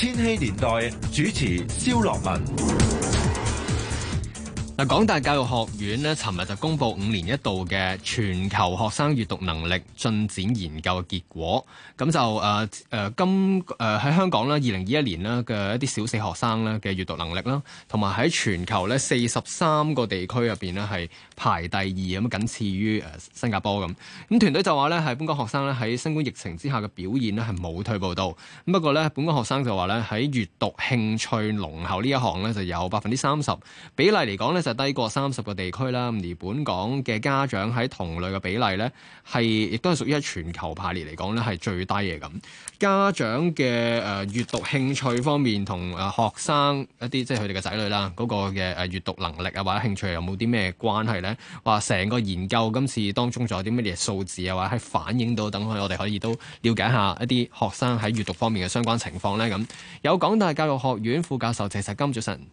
千禧年代主持蕭樂文。嗱，港大教育學院咧，尋日就公布五年一度嘅全球學生閱讀能力進展研究嘅結果。咁就誒誒、呃，今誒喺、呃、香港咧，二零二一年咧嘅一啲小四學生咧嘅閱讀能力啦，同埋喺全球呢四十三個地區入邊呢，係排第二咁，僅次於誒新加坡咁。咁團隊就話呢，係本港學生呢，喺新冠疫情之下嘅表現呢，係冇退步到。咁不過呢，本港學生就話呢，喺閱讀興趣濃厚呢一行呢，就有百分之三十比例嚟講呢。就低過三十個地區啦，而本港嘅家長喺同類嘅比例呢，係亦都係屬於喺全球排列嚟講呢係最低嘅咁。家長嘅誒閱讀興趣方面同誒學生一啲即係佢哋嘅仔女啦嗰個嘅誒閱讀能力啊或者興趣有冇啲咩關係呢？話成個研究今次當中仲有啲乜嘢數字啊，或者係反映到等我哋可以都了解一下一啲學生喺閱讀方面嘅相關情況呢。咁。有港大教育學院副教授謝鍚金早晨。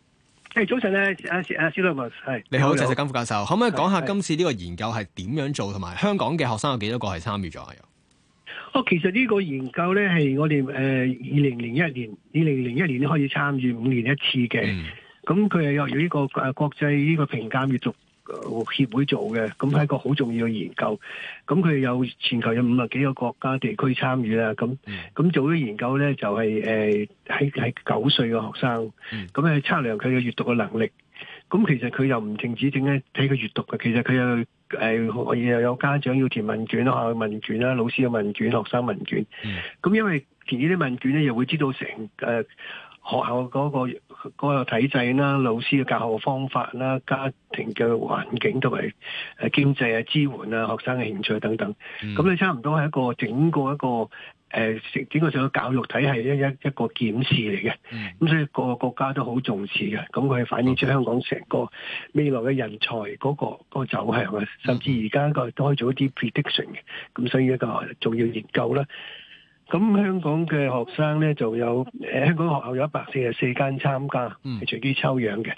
誒，早晨咧、啊，阿阿 s e l i v e r s 係你好，謝鍚金副教授，可唔可以講下今次呢個研究係點樣做，同埋香港嘅學生有幾多個係參與咗啊？又，我其實呢個研究咧，係我哋誒二零零一年，二零零一年開始參與，五年一次嘅，咁佢係由於呢個誒國際呢個評鑑越嚟協會做嘅，咁係一個好重要嘅研究。咁佢有全球有五十幾個國家地區參與啦。咁咁做咗研究咧，就係誒喺喺九歲嘅學生，咁去測量佢嘅閱讀嘅能力。咁其實佢又唔淨止淨係睇佢閱讀嘅，其實佢又誒，我、呃、又有家長要填問卷啦，學校問卷啦，老師嘅問卷，學生問卷。咁、嗯、因為填呢啲問卷咧，又會知道成誒。呃學校嗰個嗰個體制啦，老師嘅教學方法啦，家庭嘅環境同埋誒經濟啊支援啊，學生嘅興趣等等，咁、嗯、你差唔多係一個整個一個誒、呃、整個上個教育體系一一個檢視嚟嘅，咁、嗯、所以個個國家都好重視嘅，咁佢反映出香港成個未來嘅人才嗰個嗰個走向啊，甚至而家個都可以做一啲 prediction 嘅，咁所以一個重要研究啦。咁香港嘅學生咧，就有、呃、香港學校有一百四十四間參加，係、嗯、隨機抽樣嘅，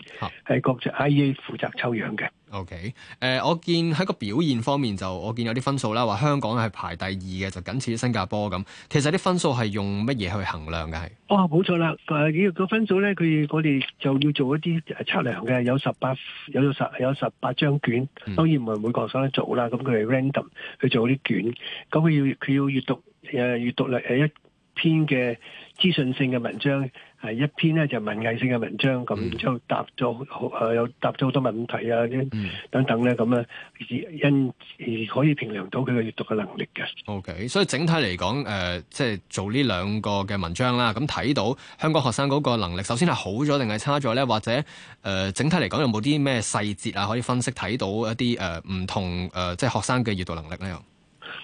係國際 IEA 負責抽樣嘅。OK，誒，我見喺個表現方面就，我見有啲分數啦，話香港係排第二嘅，就僅次於新加坡咁。其實啲分數係用乜嘢去衡量嘅？係哦，冇錯啦。幾、呃、個分數咧，佢我哋就要做一啲測量嘅，有十八有十有十八張卷，嗯、當然唔係每個學生都做啦。咁佢係 random 去做啲卷，咁佢要佢要閲讀。誒，閱讀力係一篇嘅資訊性嘅文章，係一篇呢就文藝性嘅文章，咁之後答咗好誒，有答咗好多問題啊，等等咧咁啊，因此而可以評量到佢嘅閱讀嘅能力嘅。OK，所以整體嚟講，誒，即係做呢兩個嘅文章啦，咁睇到香港學生嗰個能力，首先係好咗定係差咗咧？或者誒，整體嚟講有冇啲咩細節啊，可以分析睇到一啲誒唔同誒，即係學生嘅閱讀能力咧？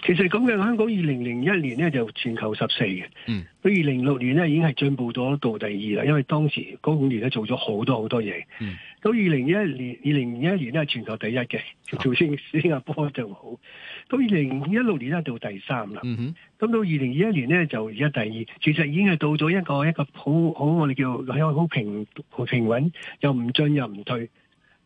其實咁嘅，香港二零零一年咧就全球十四嘅，到二零六年咧已經係進步咗到，到第二啦。因為當時嗰五年咧做咗好多好多嘢，嗯，到二零一一年二零二一年咧全球第一嘅，就算新加坡就好。到二零一六年咧到第三啦，咁，嗯、到二零二一年咧就而家第二。其實已經係到咗一個一個好好我哋叫好平好平穩又唔進又唔退。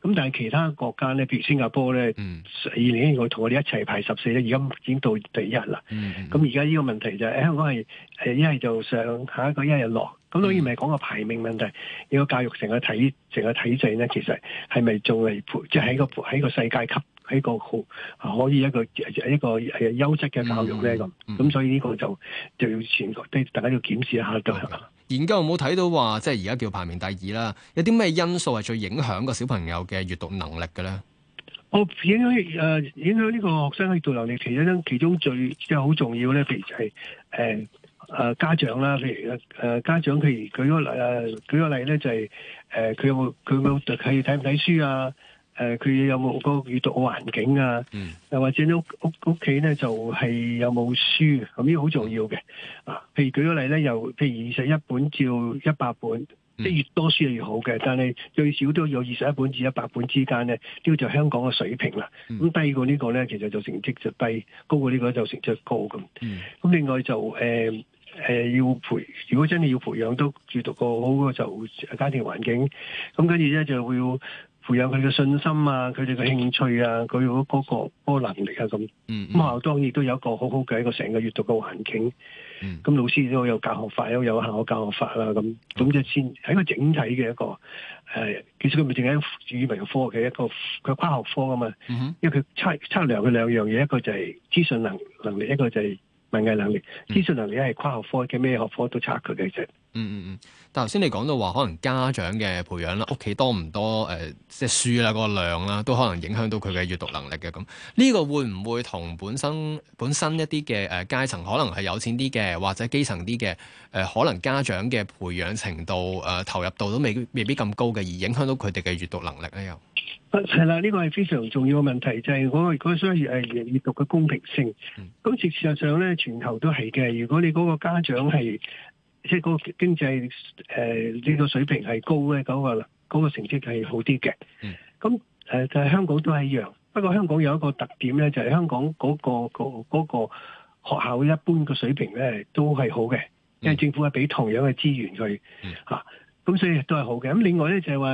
咁但係其他國家咧，譬如新加坡咧，二、嗯、年以我同我哋一齊排十四咧，而家已經到第一啦。咁而家呢個問題就係、係哎、香港係一係就上，下一個下一係落。咁、嗯、當然唔係講個排名問題，呢個教育成個體成個體制咧，其實係咪做嚟即係喺個喺個世界級？喺個好可以一個一個係優質嘅教育咧咁，咁、嗯嗯嗯、所以呢個就就要全國啲大家要檢視一下嘅。研究、嗯、有冇睇到話，即係而家叫排名第二啦？有啲咩因素係最影響個小朋友嘅閱讀能力嘅咧？我影響誒影響呢個學生嘅閱讀能力，其中其中最即係好重要咧，譬如就係誒誒家長啦，譬如誒家長，譬如、呃、舉個例誒、呃、舉個例咧，就係誒佢有冇佢有冇睇唔睇書啊？誒、呃、佢有冇個閲讀嘅環境啊？嗯，又或者你屋屋屋企咧就係有冇書，咁呢個好重要嘅。啊，譬如舉個例咧，由譬如二十一本至一百本，mm. 即係越多書就越好嘅。但係最少都有二十一本至一百本之間咧，呢個就香港嘅水平啦。咁、mm. 低過個呢個咧，其實就成績就低；高過呢個就成績高咁。咁、mm. 另外就誒誒、呃呃、要培，如果真係要培養都閲讀個好嘅，就家庭環境。咁跟住咧就會，培養佢嘅信心啊，佢哋嘅興趣啊，佢嗰、嗰個、嗰個能力啊，咁咁啊，當然都有一個好好嘅一個成個閱讀嘅環境。咁、嗯、老師都有教學法，有有效教學法啦，咁咁即先係一個整體嘅一個誒、呃。其實佢咪係淨係語文科嘅一個，佢跨學科啊嘛、嗯。因為佢測測量佢兩樣嘢，一個就係資訊能能力，一個就係文藝能力。資、嗯、訊能力係跨學科嘅，咩學科都查佢嘅啫。嗯嗯嗯，但係頭先你講到話，可能家長嘅培養啦，屋企多唔多誒，即、呃、係書啦，個量啦，都可能影響到佢嘅閱讀能力嘅咁。呢個會唔會同本身本身一啲嘅誒階層，可能係有錢啲嘅，或者基層啲嘅誒，可能家長嘅培養程度誒、呃、投入度都未未必咁高嘅，而影響到佢哋嘅閱讀能力咧？又係啦，呢、呢個係非常重要嘅問題，就係、係、嗰、嗰個嗰個所謂誒閱讀嘅公平性。咁、嗯、事實上咧，全球都係嘅。如果你嗰個家長係。即係個經濟誒呢個水平係高咧，嗰個嗰個成績係好啲嘅。咁、嗯、誒，但係香港都係一樣。不過香港有一個特點咧，就係、係、香港嗰、嗰個、嗰個、嗰個學校一般嘅水平咧都係好嘅、嗯，因為政府係俾同樣嘅資源佢吓，咁、嗯啊、所以都係好嘅。咁另外咧就係話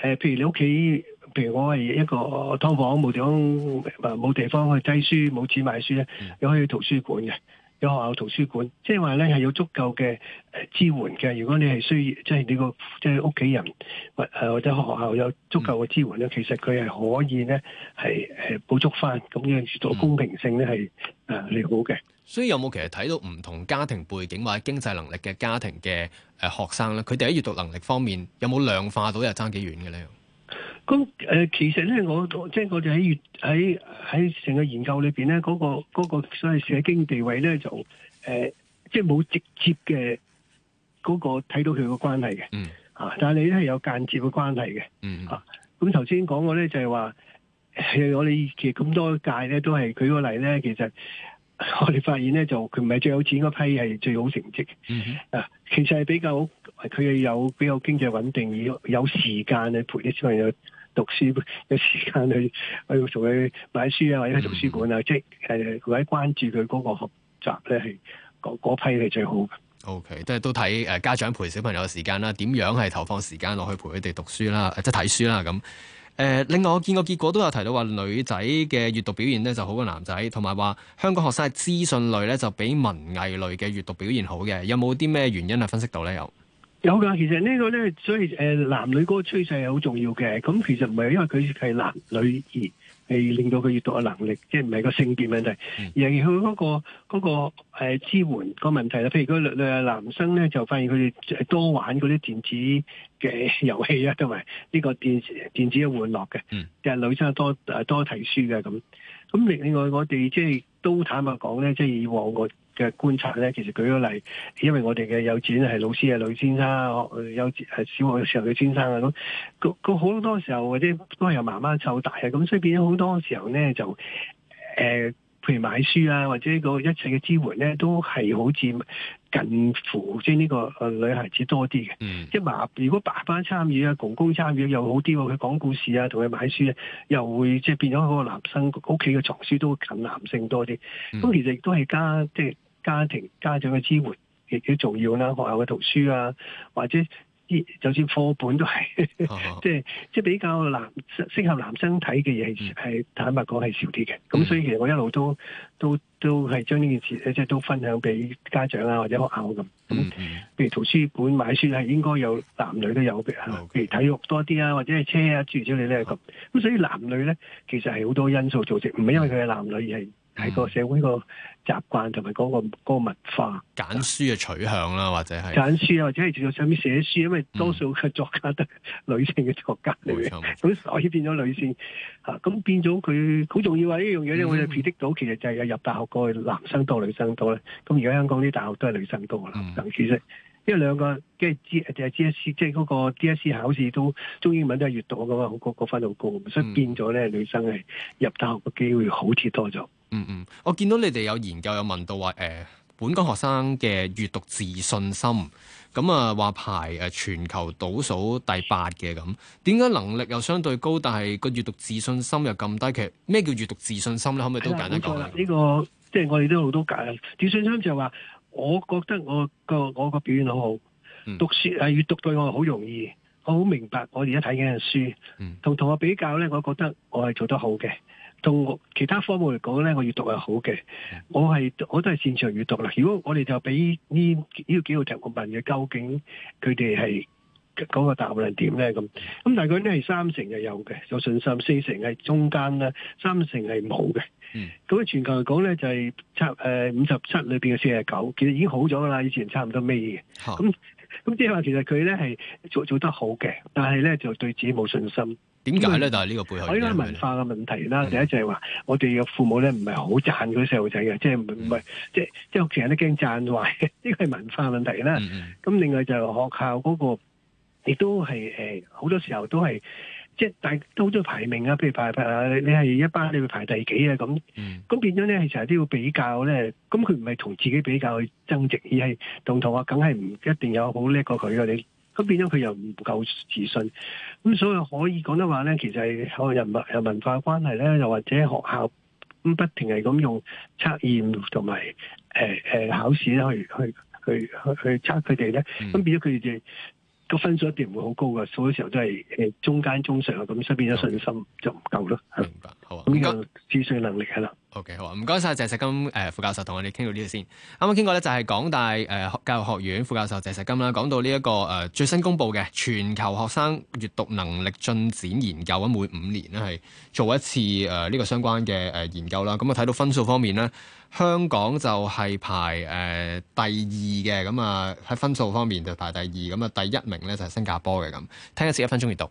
誒，譬如你屋企，譬如我係一個劏房，冇地方，冇地方去擠書，冇錢買書咧、嗯，你可以去圖書館嘅。有學校圖書館，即係話咧係有足夠嘅誒支援嘅。如果你係需要，即、就、係、是、你個即係屋企人或誒或者學校有足夠嘅支援咧、嗯，其實佢係可以咧係誒補足返。咁樣閱讀公平性咧係誒良好嘅、嗯。所以有冇其實睇到唔同家庭背景或者經濟能力嘅家庭嘅誒學生咧，佢哋喺閱讀能力方面有冇量化到又爭幾遠嘅咧？咁誒、呃，其實咧，我即係我哋喺月喺喺成個研究裏邊咧，嗰、那個、那個所謂社經地位咧，就、呃、誒，即係冇直接嘅嗰、那個睇到佢個關係嘅。嗯。啊，但係你咧係有間接嘅關係嘅。嗯。咁頭先講過咧就係、是、話，係、啊、我哋其實咁多屆咧都係舉個例咧，其實我哋發現咧就佢唔係最有錢嗰批，係最好成績、嗯。啊，其實係比較佢係有比較經濟穩定，要有時間去陪啲小朋友。讀書嘅時間去去做去買書啊，或者去圖書館啊、嗯，即係佢喺關注佢嗰個學習咧，係嗰批係最好嘅。OK，都係都睇誒家長陪小朋友嘅時間啦，點樣係投放時間落去陪佢哋讀書啦，即係睇書啦咁。誒，另外我見個結果都有提到話女仔嘅閱讀表現咧就好過男仔，同埋話香港學生係資訊類咧就比文藝類嘅閱讀表現好嘅，有冇啲咩原因啊？分析到咧有。有噶，其實個呢個咧，所以誒、呃，男女嗰個趨勢係好重要嘅。咁其實唔係因為佢係男女而係令到佢閱讀嘅能力，即係唔係個性別問題。嗯、而佢嗰、嗰個嗰、嗰個誒、呃、支援個問題啦，譬如嗰女誒男生咧就發現佢哋多玩嗰啲電子嘅遊戲啊，同埋呢個電子電子嘅玩樂嘅。嗯，但係女生多誒多睇書嘅咁。咁另另外我哋即係都坦白講咧，即係以往個。嘅觀察咧，其實舉個例，因為我哋嘅幼稚園係老師啊女先生，幼稚園小學嘅時候女先生啊，咁個好多時候，或者都係由媽媽湊大啊，咁所以變咗好多時候咧，就誒、呃、譬如買書啊，或者個一切嘅支援咧，都係好似近乎即係呢個誒女孩子多啲嘅。即係爸，如果爸爸參與啊，公公參與又好啲喎，佢講故事啊，同佢買書啊，又會即係、就是、變咗嗰個男生屋企嘅藏書都會近男性多啲。咁、mm. 其實亦都係加即係。就是家庭家長嘅支援亦都重要啦，學校嘅圖書啊，或者啲就算課本都係，即係即係比較男適合男生睇嘅嘢係坦白講係少啲嘅。咁、嗯、所以其實我一路都都都係將呢件事即係都分享俾家長啊或者學校咁、嗯。嗯，譬如圖書館買書係應該有男女都有、嗯、譬如體育多啲啊，或者係車等等啊諸如此類咧咁。咁、啊、所以男女咧其實係好多因素造成，唔係因為佢係男女而係。喺個社會個習慣同埋嗰個文化揀書嘅取向啦，或者係揀書啊，或者係做上面寫書，因為多數嘅作家都係女性嘅作家嚟嘅，咁所以變咗女性嚇，咁變咗佢好重要啊！呢樣嘢咧，我哋 predict 到其就，其實就係入大學過去男生多，女生多咧。咁而家香港啲大學都係女生多，男生少，因為兩個即係 G 誒 G S C，即係嗰個 D S C 考試都中英文都係閱讀嘅嘛，好、嗰個、高分好高，所以變咗咧女生係入大學嘅機會好似多咗。嗯，我見到你哋有研究有問到話，誒、呃，本港學生嘅閱讀自信心，咁啊話排誒全球倒數第八嘅咁，點解能力又相對高，但係個閱讀自信心又咁低？其實咩叫閱讀自信心咧？可唔可以都簡單講？呢個即係我哋都好多解。自信心就話，我覺得我個我個表現好好，讀書誒閱讀對我好容易，我好明白我而家睇緊嘅書，同同學比較咧，我覺得我係做得好嘅。到其他科目嚟講咧，我閱讀係好嘅，我係我都係擅長閱讀啦。如果我哋就俾呢呢幾個題目問嘅，究竟佢哋係嗰個答案係點咧？咁咁，大概咧係三成係有嘅，有信心；四成係中間啦，三成係冇嘅。咁、嗯、喺全球嚟講咧就係差誒五十七裏邊嘅四十九，呃、49，其實已經好咗啦。以前差唔多尾嘅，咁咁即係話其實佢咧係做做得好嘅，但係咧就對自己冇信心。點解咧？就係呢個背後，係啦文化嘅問題啦。嗯、第一就係話，我哋嘅父母咧唔係好讚嗰啲細路仔嘅，即係唔係即係即係屋企人都驚讚壞，呢個係文化問題啦。咁、嗯嗯、另外就學校嗰、那個亦都係誒，好多時候都係即係大家都好多排名啊，譬如排排，你係一班，你會排第幾啊？咁咁、嗯、變咗咧，係成日都要比較咧。咁佢唔係同自己比較去增值，而係同同學，梗係唔一定有好叻過佢嘅你。咁變咗佢又唔夠自信，咁所以可以講得話咧，其實係可人文文化關係咧，又或者學校咁不停係咁用測驗同埋、呃呃、考試去去去去測佢哋咧，咁變咗佢哋。個分數一定唔會好高噶，所以時候真係誒中間中上啊，咁身邊有信心就唔夠咯，明白好啊。咁呢個資訊能力啊啦，OK 好啊。唔該晒。謝錫金誒、呃、副教授同我哋傾到呢度先。啱啱傾過咧就係、是、港大誒、呃、教育學院副教授謝錫金啦，講到呢、這、一個誒、呃、最新公布嘅全球學生閱讀能力進展研究啊，每五年咧係做一次誒呢、呃這個相關嘅誒、呃、研究啦。咁啊睇到分數方面咧。香港就係排誒第二嘅，咁啊喺分數方面就排第二，咁啊第，第一名咧就係新加坡嘅咁，聽一次一分鐘閱讀。